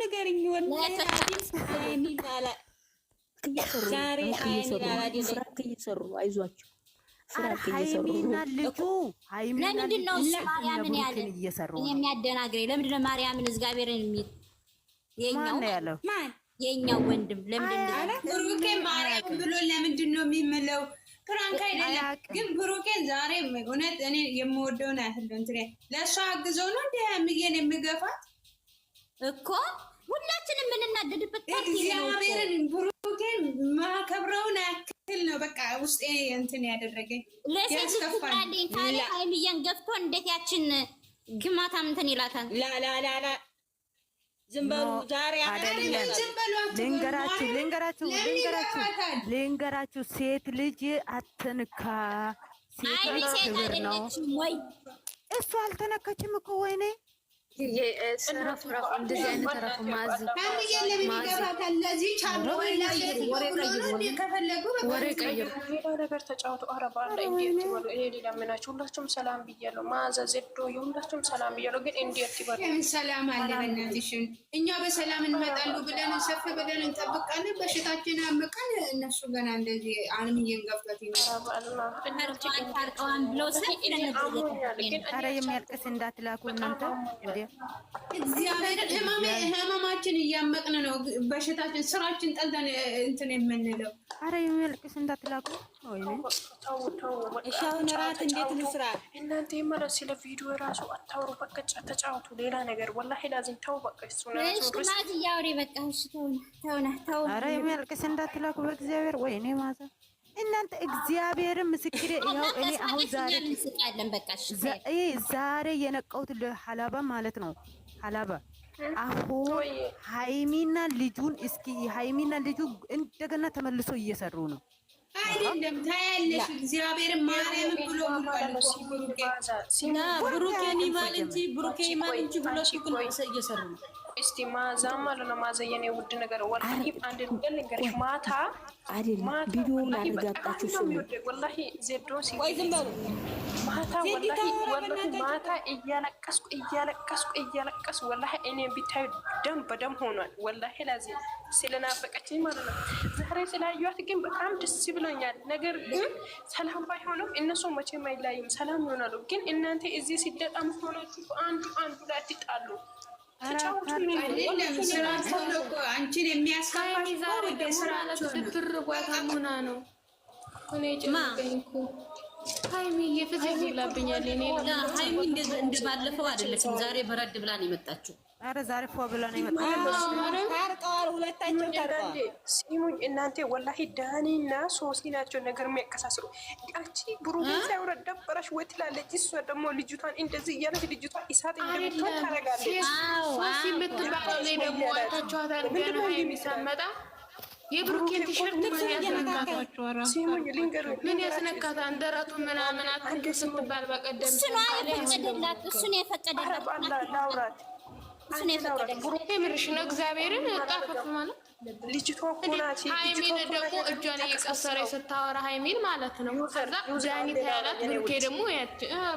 ንገሪኝ። እየሰሩ አይዟቸው፣ ሀይሚና ልጁ ለምንድን ነው ማርያምን ያለ የሚያደናግረኝ? ለምንድን ነው ማርያምን እግዚአብሔርን የሚል የኛው የኛው ወንድም ለምንድን ነው ብሩኬ ማርያም ብሎ ለምንድን ነው የሚምለው? ፕራንክ አይደለም ግን ብሩኬን ዛሬ እውነት እኔ የምወደውን ያህል እንትን ለእሷ አግዘው ነው እንደ ምግን የሚገፋት እኮ ሁላችንም የምንናደድበት እግዚአብሔርን ብሩኬን ማከብረውን ያክል ነው። በቃ ውስጤ እንትን ያደረገኝ ለሴትፍቃለኝ ታሪክ ሀይሚዬን ገብቶ እንዴት ያችን ግማታ እንትን ይላታል። ላላላላ ልንገራችሁ ልንገራችሁ ልንገራችሁ ልንገራችሁ ሴት ልጅ አትንካ። ሴት ክብር ነው። እሱ አልተነካችም እኮ ወይኔ ሰላም ብያለሁ። ማዘ ዘዶ የሁላችሁም ሰላም ብያለሁ። ግን ሰላም አለ። እኛ በሰላም እንመጣሉ ብለን ሰፍ ብለን እንጠብቃለን። በሽታችን እነሱ ገና እንደዚህ ይመጣል። ግን እንዳትላኩ እናንተ ወዲያ እግዚአብሔርን ህመማችን እያመቅን ነው። በሽታችን፣ ስራችን ጠልተን እንትን የምንለው አረ የሚያልቅስ እንዳትላቁ። እሺ አሁን እንዴት ልስራ? እናንተ የመረ ስለ ቪዲዮ ራሱ አታውሩ። በቃ ተጫወቱ ሌላ ነገር። ወላሂ ላዚም ተው። በቃ እሱናት በቃ ተውና ተውና። አረ የሚያልቅስ እንዳትላቁ በእግዚአብሔር። ወይኔ ማዘር እናንተ እግዚአብሔርን ምስክሬ ይኸው እኔ አሁን ዛሬ ዛሬ የነቀሁት ለሐላባ ማለት ነው። ሐላባ አሁን ሀይሚና ልጁን እስኪ ሀይሚና ልጁ እንደገና ተመልሶ እየሰሩ ነው። አይደለም ታያለሽ፣ እግዚአብሔር ማርያም ብሎ ብሏል። ብሩኬ ይማል እንጂ ብሩኬ ይማል እንጂ ብሎ እየሰሩ ነው እስቲ ማዛ ማለት ነው። ማዛ የኔ ውድ ነገር ወላሂ አንድ ነገር ልንገርሽ፣ ማታ አይደል ቪዲዮ ወላሂ ዜዶ ማታ ወላሂ ወላሂ ማታ እያለቀስኩ እያለቀስኩ እያለቀስኩ ወላሂ እኔ ደም በደም ሆኗል። ወላሂ ላዚ ስለናፈቀችኝ ማለት ነው። ዛሬ ስላየኋት ግን በጣም ደስ ብሎኛል። ነገር ግን ሰላም ባይሆንም እነሱ መቼም አይለያዩም፣ ሰላም ይሆናሉ። ግን እናንተ እዚህ ሲደጣም ሆናችሁ አንዱ አንዱ ላይ ትጣሉ አንቺን የሚያስከፋሽ ዛሬ ደግሞ ማለት ብር ነው ሀይሚዬ ፍዝዝ ብላብኛል። እኔ ሀይሚ እንደ ባለፈው አይደለችም። ዛሬ በረድ ብላ ነው የመጣችው። ኧረ ዛሬ ፎ ብላ ነው የመጣችው። ታርቀዋል፣ ሁለታቸው ታርቀዋል። ሲሙኝ እናንተ ወላሂ ዳኒና ሶሲ ናቸው ነገር የሚያቀሳስሩ። አንቺ ብሩ ሳይወረድ ደበረሽ ወይ ትላለች። እሷ ደግሞ ልጅቷን እንደዚህ እያለች ልጅቷን እሳት እንደምትሆን ታደርጋለች። ሶሲ የምትባለው ላይ ደግሞ አይታችኋታል ገና ሀይሚ ሳትመጣ የብሩኬን ቲሸርት ምን ያስነካታቸዋል? ምን ያስነካታ? እንደረቱ ምናምን አትንኩ ስትባል በቀደም የፈቀደላት እሱን የፈቀደላት እሱን የፈቀደላት ብሩኬ ምርሽ ነው። እግዚአብሔርን ጣፈፍ ማለት ልጅቷ ኮናቺ ሃይሚን ደግሞ እጇን እየቀሰረ ስታወራ ሃይሚን ማለት ነው። ከዛ ዳኒ ተያላት ብሩኬ ደግሞ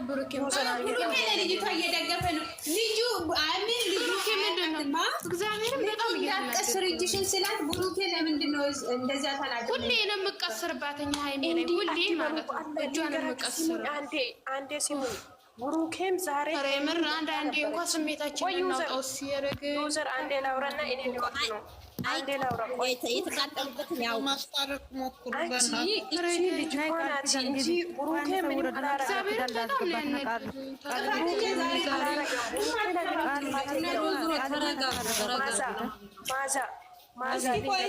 ብሩኬ ብሩኬ ልጅቷ እየደገፈ ነው እንደዚያ ተናገር። ሁሌ ነው የምቀስርባት ሀይሜ ላይ ሁሌ ማለት ነው የምቀስር። አንዴ አንዴ ሲሙ ብሩኬም ዛሬ ምር አንድ እንኳ ስሜታችን እናውጣው ሲያደርግ ዩዘር አንዴ ላውራና እኔ ነው አንዴ እስኪ ቆይ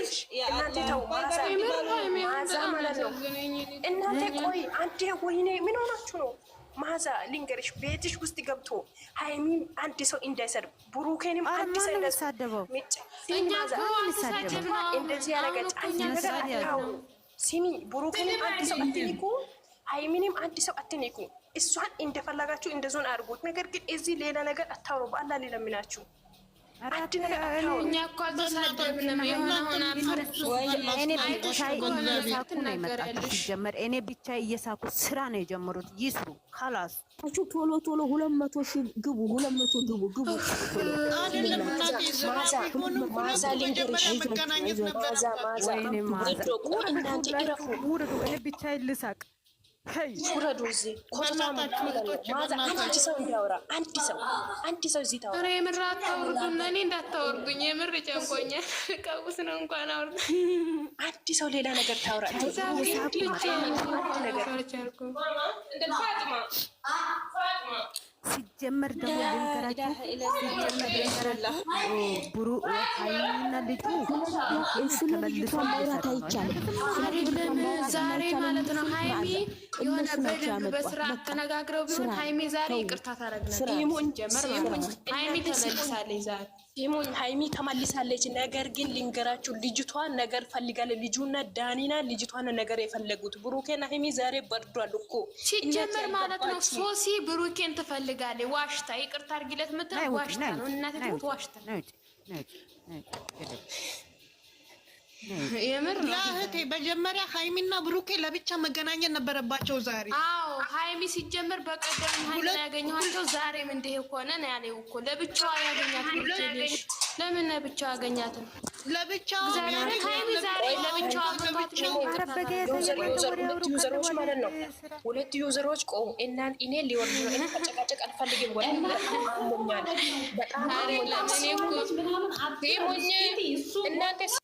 እናንተ ተው፣ ማዛ ቆይ አንዴ፣ ወይኔ ምን ሆናችሁ ነው? ማዛ ልንገርሽ፣ ቤትሽ ውስጥ ገብቶ ሀይሚን አንድ ሰው እንዳይሰድብ፣ ብሩኬንም አንድ ሰው እንዳይሰድብ፣ እንደዚህ ያረገች አንድ ነገር ብሩኬንም አንድ ሰው አትንኩ፣ ሀይሚንም አንድ ሰው አትንኩ። እሷን እንደፈለጋችሁ እንደዞን አድርጉት። ነገር ግን እዚህ ሌላ ነገር አታውሩ። በአላ ሊለምናችሁ ሲጀመር እኔ ብቻ እየሳኩ ስራ ነው የጀመሩት። ይስሩ ካላስ ቶሎ ቶሎ ሁለት መቶ ሺህ ግቡ፣ ሁለት መቶ ግቡ ግቡ። እኔ ብቻ ልሳቅ ውረዱ። እዚህ አንድ ሰው እንዳወራ አንድ ሰው አንድ ሰው እዚህ ታወራ። የምር አታወርዱና እኔ እንዳታወርዱኝ የምር ጨንቆኛል። ቀውስ ነው እንኳን አውርዱ። አንድ ሰው ሌላ ነገር ታወራ ነገር ሲጀመር ደግሞ ብሩ ሀይሚና ልጁ ተመልሶ ዛሬ ማለት ነው። ሀይሚ የሆነ በደንብ በስራ ተነጋግረው ቢሆን ሀይሚ ዛሬ ይቅርታ ሀይሚ ተመልሳለች። ነገር ግን ልንገራችሁ ልጅቷ ነገር ፈልጋለች። ልጁና ዳኒና ልጅቷን ነገር የፈለጉት ብሩኬና ሀይሚ ዛሬ በርዷል እኮ ሲጀመር ማለት ነው። ሶሲ ብሩኬን ትፈልግ ትፈልጋለች። ዋሽታ ይቅርታ አድርጊለት የምትለው ዋሽታ ነው። እናቴ ዋሽታ የምር እህቴ መጀመሪያ ሀይሚና ብሩኬ ለብቻ መገናኘት ነበረባቸው ዛሬ። አዎ ሀይሚ ሲጀምር በቀደም ሀይሚ ያገኘኋቸው ዛሬም እንዲህ ከሆነ ነው ያለው እኮ ለብቻዋ ያገኛት። ለምን ለብቻዋ ያገኛትም ለብቻው ዩዘሮች ማለት ነው። ሁለት ዩዘሮች ቆሙ እና እኔ ሊወርድ ነው። እኔ መጨቃጨቅ አልፈልግም። በጣም አሞኛል። በጣም አሞኛል። እናንተ